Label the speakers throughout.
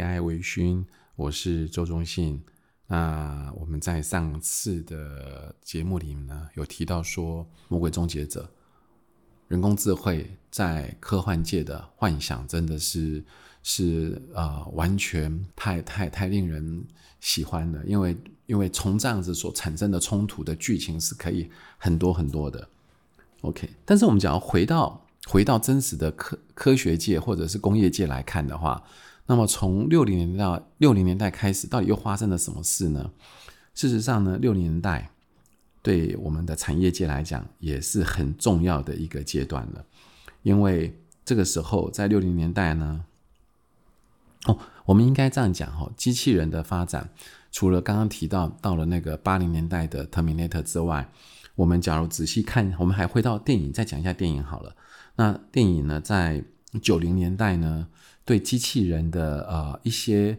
Speaker 1: AI 微醺，我是周中信。那我們在上次的節目裡面呢，有提到說，魔鬼終結者，人工智慧在科幻界的幻想真的是是呃，完全太太太令人喜歡的，因為因為從這樣子所產生的衝突的劇情是可以很多很多的。OK，但是我們只要回到回到真實的科科學界或者是工業界來看的話。那麼，從六零年到六零年代開始，到底又發生了什麼事呢？事實上呢，六零年代對我們的產業界來講也是很重要的一個階段了，因為這個時候在六零年代呢，哦，我們應該這樣講哈、哦，機器人的發展除了剛剛提到到了那個八零年代的 Terminator 之外，我們假如仔細看，我們還回到電影再講一下電影好了。那電影呢，在九零年代呢？對機器人的呃一些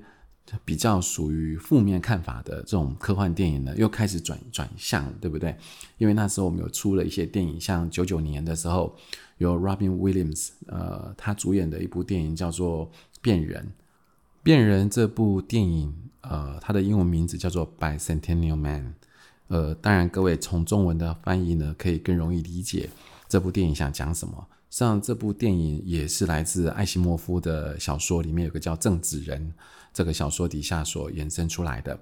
Speaker 1: 比較屬於負面看法的這種科幻電影呢，又開始轉轉向，對不對？因為那時候我們有出了一些電影，像九九年的時候有 Robin Williams，呃，他主演的一部電影叫做《變人》。《變人》這部電影，呃，它的英文名字叫做《Bicentennial Man》。呃，當然各位從中文的翻譯呢，可以更容易理解這部電影想講什麼。像這部電影也是來自艾希莫夫的小說裡面有個叫《正子人》這個小說底下所衍生出來的。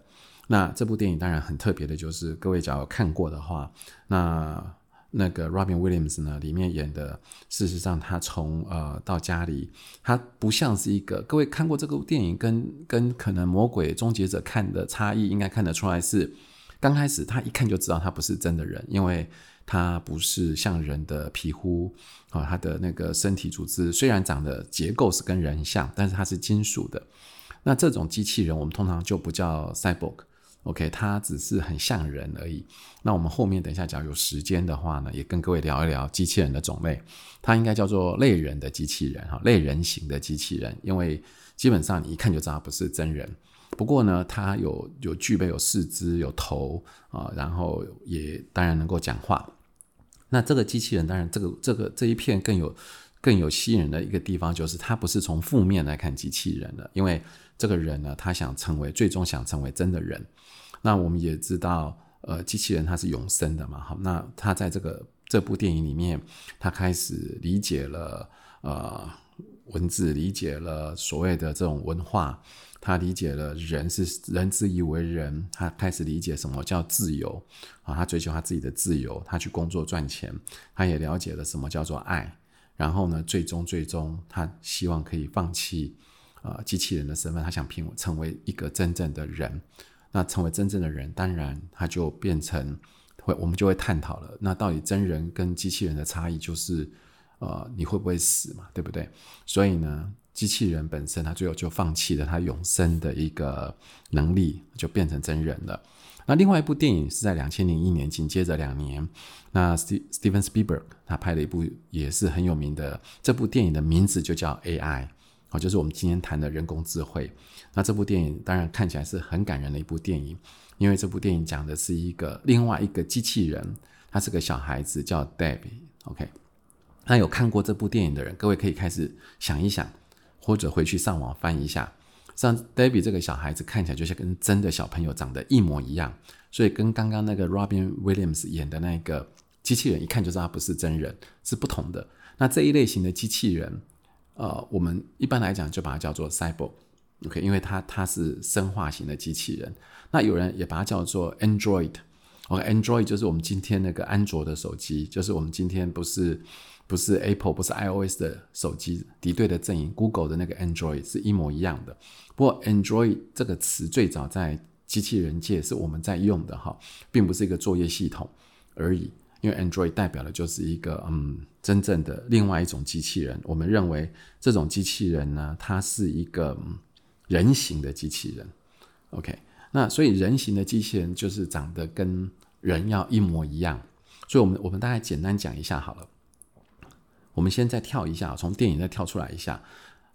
Speaker 1: 那這部電影當然很特別的，就是各位只要看過的話，那那個 Robin Williams 呢，裡面演的，事實上他從呃到家裡，他不像是一個。各位看過這部電影跟跟可能《魔鬼終結者》看的差異，應該看得出來是，剛開始他一看就知道他不是真的人，因為。它不是像人的皮膚啊，它的那個身體組織雖然長得結構是跟人像，但是它是金屬的。那這種機器人我們通常就不叫 cyborg，OK？它只是很像人而已。那我們後面等一下假如有時間的話呢，也跟各位聊一聊機器人的種類。它應該叫做類人的機器人哈，類人型的機器人，因為基本上你一看就知道它不是真人。不過呢，它有有具備有四肢、有頭啊，然後也當然能夠講話。那這個機器人，當然這個這個這一片更有更有吸引人的一個地方，就是他不是從負面來看機器人的，因為這個人呢，他想成為最終想成為真的人。那我們也知道，呃，機器人它是永生的嘛，好，那他在這個這部電影裡面，他開始理解了呃文字，理解了所謂的這種文化。他理解了人是人自以為人，他開始理解什麼叫自由啊，他追求他自己的自由，他去工作賺錢，他也了解了什麼叫做愛，然後呢，最終最終他希望可以放棄，啊、呃，機器人的身份，他想成為一個真正的人。那成為真正的人，當然他就變成會，我們就會探討了。那到底真人跟機器人的差異就是，呃，你會不會死嘛？對不對？所以呢，機器人本身，他最後就放棄了他永生的一個能力，就變成真人了。那另外一部電影是在兩千零一年，緊接着兩年，那 Steven Spielberg 他拍了一部也是很有名的，這部電影的名字就叫 AI，好，就是我們今天談的人工智慧。那這部電影當然看起來是很感人的一部電影，因為這部電影講的是一個另外一個機器人，他是個小孩子，叫 Debbie。OK，那有看過這部電影的人，各位可以開始想一想。或者回去上網翻一下，像 David 這個小孩子看起來就像跟真的小朋友長得一模一樣，所以跟剛剛那個 Robin Williams 演的那個機器人，一看就知道他不是真人，是不同的。那這一類型的機器人，呃，我們一般來講就把它叫做 Cyborg，OK，、okay、因為它它是生化型的機器人。那有人也把它叫做 Android。OK，Android 就是我們今天那個安卓的手機，就是我們今天不是不是 Apple 不是 iOS 的手機敵對的陣營，Google 的那個 Android 是一模一樣的。不過 Android 這個詞最早在機器人界是我們在用的哈，並不是一個作業系統而已，因為 Android 代表的就是一個嗯真正的另外一種機器人。我們認為這種機器人呢，它是一個人形的機器人。OK。那所以人形的機器人就是長得跟人要一模一樣，所以我們我們大概簡單講一下好了。我們先再跳一下，從電影再跳出來一下。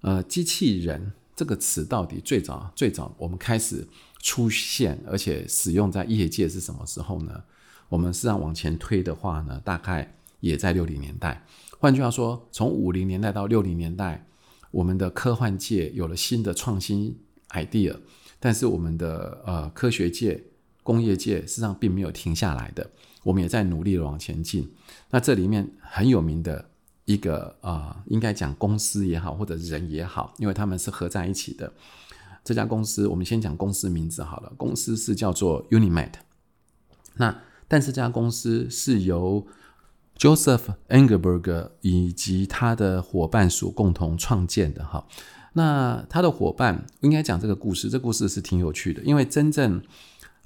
Speaker 1: 呃，機器人這個詞到底最早最早我們開始出現，而且使用在業界是什麼時候呢？我們是要往前推的話呢，大概也在六零年代。換句話說，從五零年代到六零年代，我們的科幻界有了新的創新 idea。但是我們的呃科學界、工業界實際上並沒有停下來的，我們也在努力地往前進。那這裡面很有名的一個啊、呃，應該講公司也好，或者人也好，因為他們是合在一起的。這家公司，我們先講公司名字好了，公司是叫做 Unimate。那但是這家公司是由 Joseph Engelberger 以及他的夥伴所共同創建的，哈。那他的夥伴，應該講這個故事，這個、故事是挺有趣的，因為真正，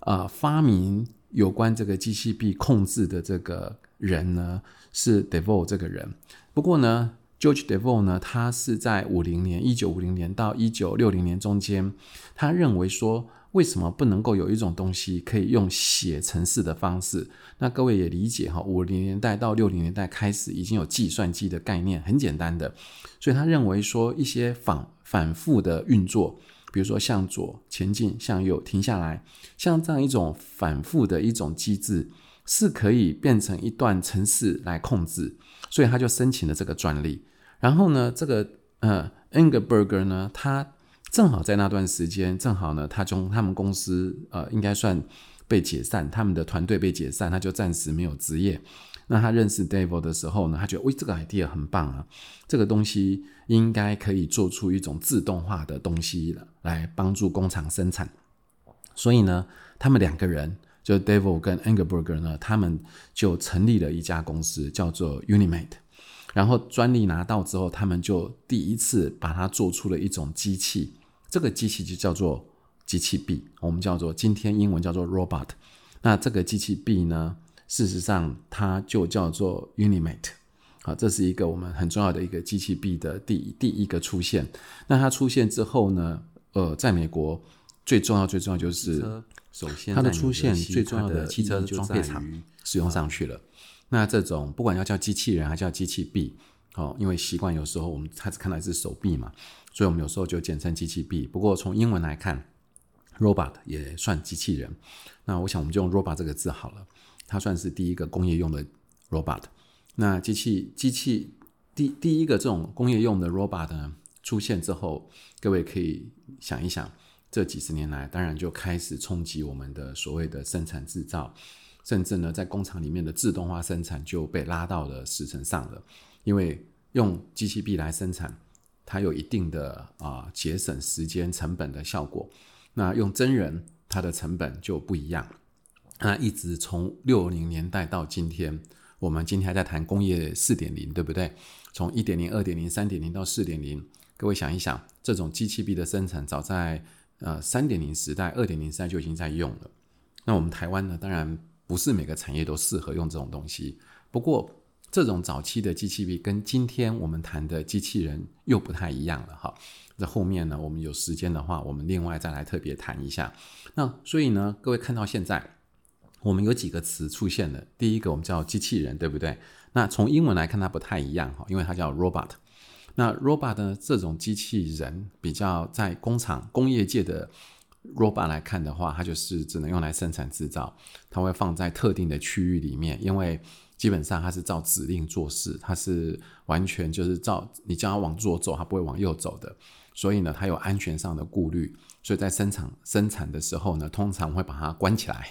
Speaker 1: 啊、呃，發明有關這個機器臂控制的這個人呢是 Devol 這個人。不過呢，George Devol 呢，他是在五零年，一九五零年到一九六零年中間，他認為說，為什麼不能夠有一種東西可以用寫程式的方式？那各位也理解哈，五零年代到六零年代開始已經有計算機的概念，很簡單的。所以他認為說一些反反復的運作，比如說向左前進、向右停下來，像這樣一種反復的一種機制，是可以變成一段程式來控制。所以他就申請了這個專利。然後呢，這個呃 Engelberger 呢，他正好在那段時間，正好呢，他從他們公司呃，應該算被解散，他們的團隊被解散，他就暫時沒有職業。那他認識 Devol 的時候呢，他覺得，喂，這個 idea 很棒啊，這個東西應該可以做出一種自動化的東西了來幫助工廠生產。所以呢，他們兩個人就 Devol 跟 Engelberger 呢，他們就成立了一家公司叫做 Unimate。然後專利拿到之後，他們就第一次把它做出了一種機器。這個機器就叫做機器臂，我們叫做今天英文叫做 Robot。那這個機器臂呢，事實上它就叫做 Unimate，啊。好，這是一個我們很重要的一個機器臂的第第一個出現。那它出現之後呢，呃，在美國最重要最重要就是首先它的出現最重要的汽車裝配廠使用上去了。那這種不管要叫機器人還是叫機器臂。哦，因為習慣，有時候我們開始看到一只手臂嘛，所以我們有時候就簡稱機器臂。不過從英文來看，robot 也算機器人。那我想我們就用 robot 這個字好了，它算是第一個工業用的 robot。那機器機器第第一個這種工業用的 robot 呢出現之後，各位可以想一想，這幾十年來，當然就開始衝擊我們的所謂的生產制造，甚至呢在工廠裡面的自動化生產就被拉到了時程上了。因為用機器臂來生產，它有一定的啊、呃、節省時間成本的效果。那用真人，它的成本就不一樣。那一直從六零年代到今天，我們今天還在談工業四點零，對不對？從一點零、二點零、三點零到四點零，各位想一想，這種機器臂的生產，早在呃三點零時代、二點零時代就已經在用了。那我們台灣呢，當然不是每個產業都適合用這種東西，不過。這種早期的機器臂跟今天我們談的機器人又不太一樣了哈。那後面呢，我們有時間的話，我們另外再來特別談一下。那所以呢，各位看到現在，我們有幾個詞出現了，第一個我們叫機器人，對不對？那從英文來看它不太一樣哈，因為它叫 robot。那 robot 呢，這種機器人比較在工廠工業界的 robot 來看的話，它就是只能用來生產製造，它會放在特定的區域裡面，因為。基本上它是照指令做事，它是完全就是照你叫它往左走，它不會往右走的。所以呢，它有安全上的顧慮，所以在生產生產的時候呢，通常會把它關起來。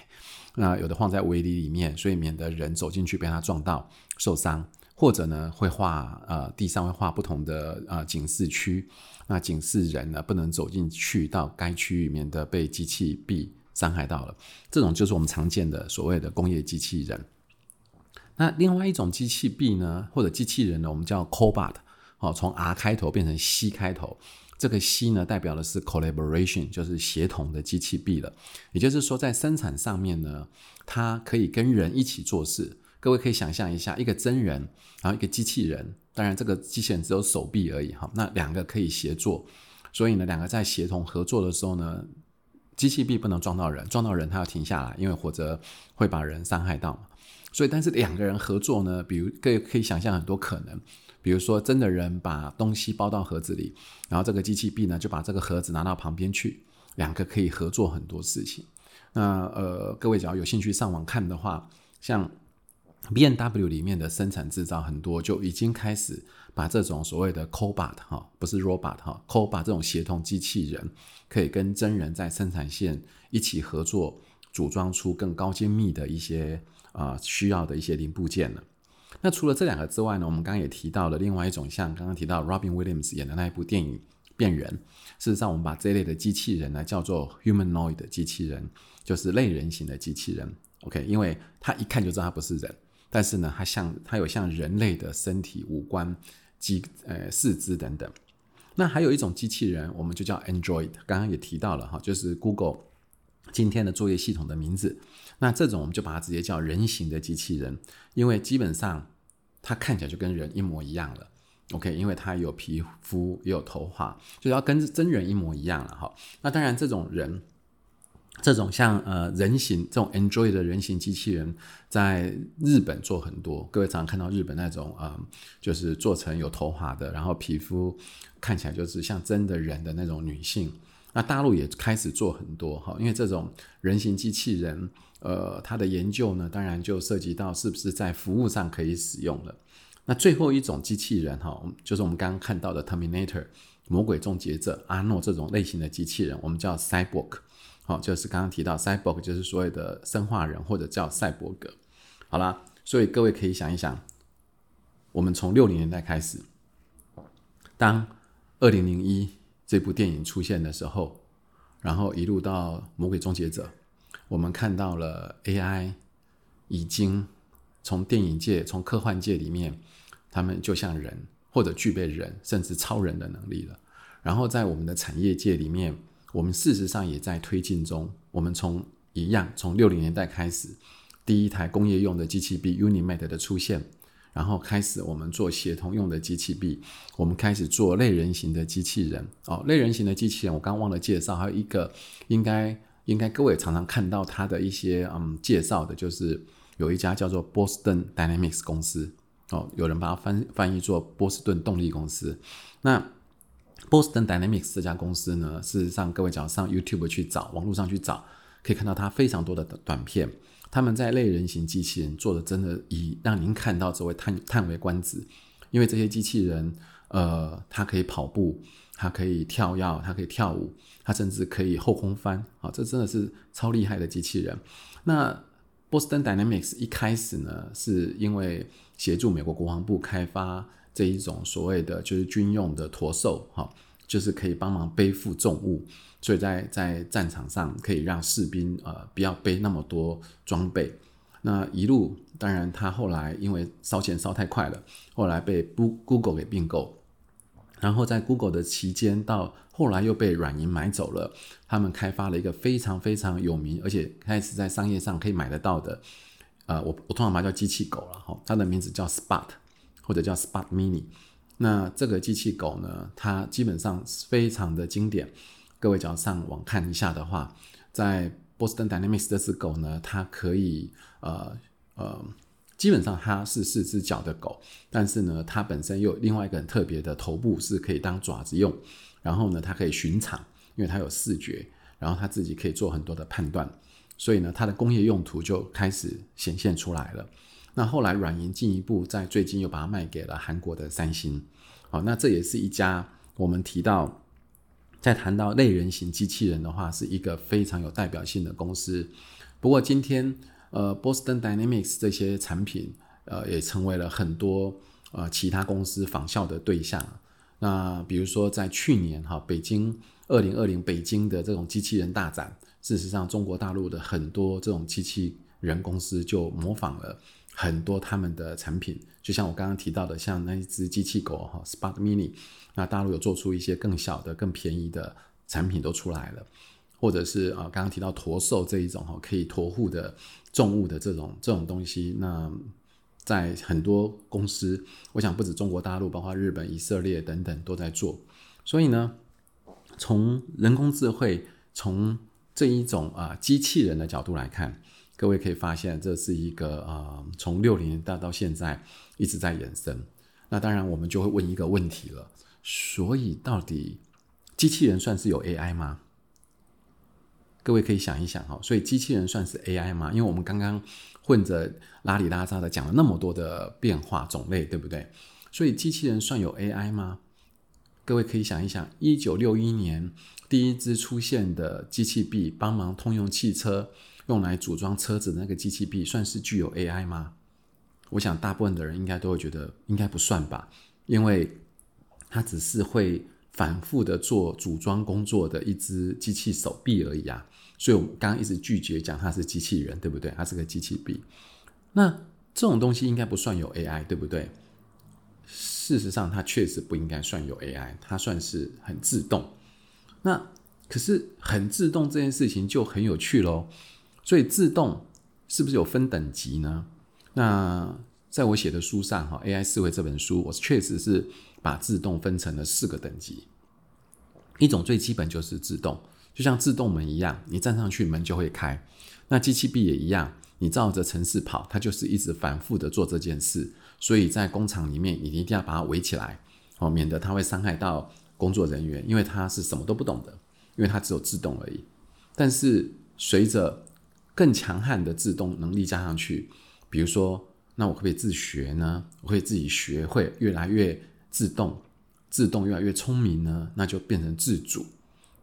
Speaker 1: 那有的放在圍籬裡面，所以免得人走進去被它撞到受傷，或者呢會畫呃地上會畫不同的呃警示區，那警示人呢不能走進去到該區域，免得被機器臂傷害到了。這種就是我們常見的所謂的工業機器人。那另外一種機器臂呢，或者機器人呢，我們叫 Cobot，哦，從 R 開頭變成 C 開頭，這個 C 呢代表的是 collaboration，就是協同的機器臂了。也就是說，在生產上面呢，它可以跟人一起做事。各位可以想象一下，一個真人，然後一個機器人，當然這個機器人只有手臂而已，哈，哦，那兩個可以協作。所以呢，兩個在協同合作的時候呢。機器臂不能撞到人，撞到人它要停下來，因為或者會把人傷害到。所以，但是兩個人合作呢，比如各位可,可以想象很多可能，比如說真的人把東西包到盒子裡，然後這個機器臂呢就把這個盒子拿到旁邊去，兩個可以合作很多事情。那呃，各位只要有興趣上網看的話，像。B M W 裡面的生產製造很多就已經開始把這種所謂的 cobot 哈，不是 robot 哈，cobot 這種協同機器人可以跟真人在生產線一起合作，組裝出更高精密的一些啊、呃、需要的一些零部件了。那除了這兩個之外呢，我們剛剛也提到了另外一種，像剛剛提到 Robin Williams 演的那一部電影《變人》，事實上我們把這一類的機器人呢叫做 humanoid 機器人，就是類人型的機器人。OK，因為他一看就知道他不是人。但是呢，它像它有像人類的身體無關、五官、機呃四肢等等。那還有一種機器人，我們就叫 Android，剛剛也提到了哈，就是 Google 今天的作業系統的名字。那這種我們就把它直接叫人形的機器人，因為基本上它看起來就跟人一模一樣了。OK，因為它有皮膚，也有頭髮，就要跟真人一模一樣了哈。那當然，這種人。這種像呃人形這種 Android 的人形機器人，在日本做很多，各位常常看到日本那種啊、呃，就是做成有頭髮的，然後皮膚看起來就是像真的人的那種女性。那大陸也開始做很多哈，因為這種人形機器人，呃，它的研究呢，當然就涉及到是不是在服務上可以使用了。那最後一種機器人哈，就是我們剛剛看到的 Terminator 魔鬼終結者阿諾這種類型的機器人，我們叫 Cyborg。哦，就是剛剛提到賽博，就是所謂的生化人或者叫賽博格。好了，所以各位可以想一想，我們從六零年代開始，當二零零一這部電影出現的時候，然後一路到《魔鬼終結者》，我們看到了 AI 已經從電影界、從科幻界裡面，他們就像人或者具備人甚至超人的能力了。然後在我們的產業界裡面。我們事實上也在推進中。我們從一樣，從六零年代開始，第一台工業用的機器臂 Unimate 的出現，然後開始我們做協同用的機器臂，我們開始做類人型的機器人。哦，類人型的機器人，我剛忘了介紹，還有一個應該應該各位常常看到它的一些嗯介紹的，就是有一家叫做 Boston Dynamics 公司，哦，有人把它翻翻譯做波士頓動力公司。那 Boston Dynamics 這家公司呢，事實上各位只要上 YouTube 去找，網絡上去找，可以看到它非常多的短片。他們在類人型機器人做的真的以，以讓您看到這探，只為嘆嘆為觀止。因為這些機器人，呃，它可以跑步，它可以跳躍，它可以跳舞，它甚至可以後空翻。啊、哦，這真的是超厲害的機器人。那 Boston Dynamics 一開始呢，是因為協助美國國防部開發。這一種所謂的就是軍用的馱獸，哈，就是可以幫忙背負重物，所以在在戰場上可以讓士兵呃不要背那麼多裝備。那一路當然，他後來因為燒錢燒太快了，後來被 G Google 給併購，然後在 Google 的期間，到後來又被軟銀買走了。他們開發了一個非常非常有名，而且開始在商業上可以買得到的，呃，我我通常把它叫機器狗了，哈，它的名字叫 Spot。或者叫 Spot Mini，那這個機器狗呢，它基本上非常的經典。各位只要上網看一下的話，在 Boston Dynamics 這只狗呢，它可以呃呃，基本上它是四只腳的狗，但是呢，它本身又有另外一個很特別的頭部是可以當爪子用，然後呢，它可以巡場，因為它有視覺，然後它自己可以做很多的判斷，所以呢，它的工業用途就開始顯現出來了。那後來，軟銀進一步在最近又把它賣給了韓國的三星，好，那這也是一家我們提到，在談到類人型機器人的話，是一個非常有代表性的公司。不過，今天，呃，Boston Dynamics 這些產品，呃，也成為了很多呃其他公司仿效的對象。那比如說，在去年哈、哦，北京二零二零北京的這種機器人大展，事實上，中國大陸的很多這種機器人公司就模仿了。很多他們的產品，就像我剛剛提到的，像那一隻機器狗 Spot Mini，那大陸有做出一些更小的、更便宜的產品都出來了，或者是啊，剛剛提到駝獸這一種可以馱護的重物的這種這種東西，那在很多公司，我想不止中國大陸，包括日本、以色列等等都在做。所以呢，從人工智慧、從這一種啊機器人的角度來看。各位可以發現，這是一個呃，從六零年代到現在一直在延伸。那當然，我們就會問一個問題了：所以到底機器人算是有 AI 嗎？各位可以想一想哈，所以機器人算是 AI 嗎？因為我們剛剛混着拉里拉雜的講了那麼多的變化種類，對不對？所以機器人算有 AI 嗎？各位可以想一想，一九六一年第一隻出現的機器臂，幫忙通用汽車。用來組裝車子的那個機器臂算是具有 AI 嗎？我想大部分的人應該都會覺得應該不算吧，因為它只是會反覆的做組裝工作的一只機器手臂而已啊。所以，我剛剛一直拒絕講它是機器人，對不對？它是個機器臂，那這種東西應該不算有 AI，對不對？事實上，它確實不應該算有 AI，它算是很自動。那可是很自動這件事情就很有趣嘍。所以自動是不是有分等級呢？那在我寫的書上，哈，《AI 思維》這本書，我確實是把自動分成了四個等級。一種最基本就是自動，就像自動門一樣，你站上去門就會開。那機器臂也一樣，你照着程式跑，它就是一直反復地做這件事。所以在工廠裡面，你一定要把它圍起來，免得它會傷害到工作人員，因為它是什麼都不懂的，因為它只有自動而已。但是隨着更強悍的自動能力加上去，比如說，那我可不可以自學呢？我可以自己學會越來越自動，自動越來越聰明呢？那就變成自主，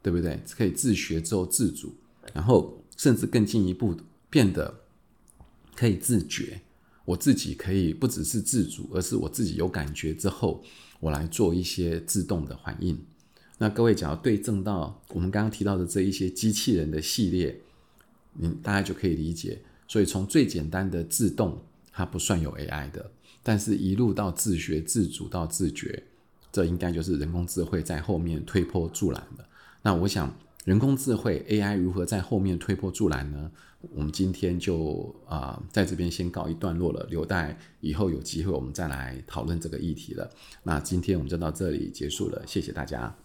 Speaker 1: 對不對？可以自學之後自主，然後甚至更進一步變得可以自覺，我自己可以不只是自主，而是我自己有感覺之後，我來做一些自動的反應。那各位，只要對症到我們剛剛提到的這一些機器人的系列。嗯，大家就可以理解，所以從最簡單的自動，它不算有 AI 的，但是一路到自學、自主到自覺，這應該就是人工智慧在後面推波助瀾的。那我想，人工智慧 AI 如何在後面推波助瀾呢？我們今天就啊、呃，在這邊先告一段落了，留待以後有機會我們再來討論這個議題了。那今天我們就到這裡結束了，謝謝大家。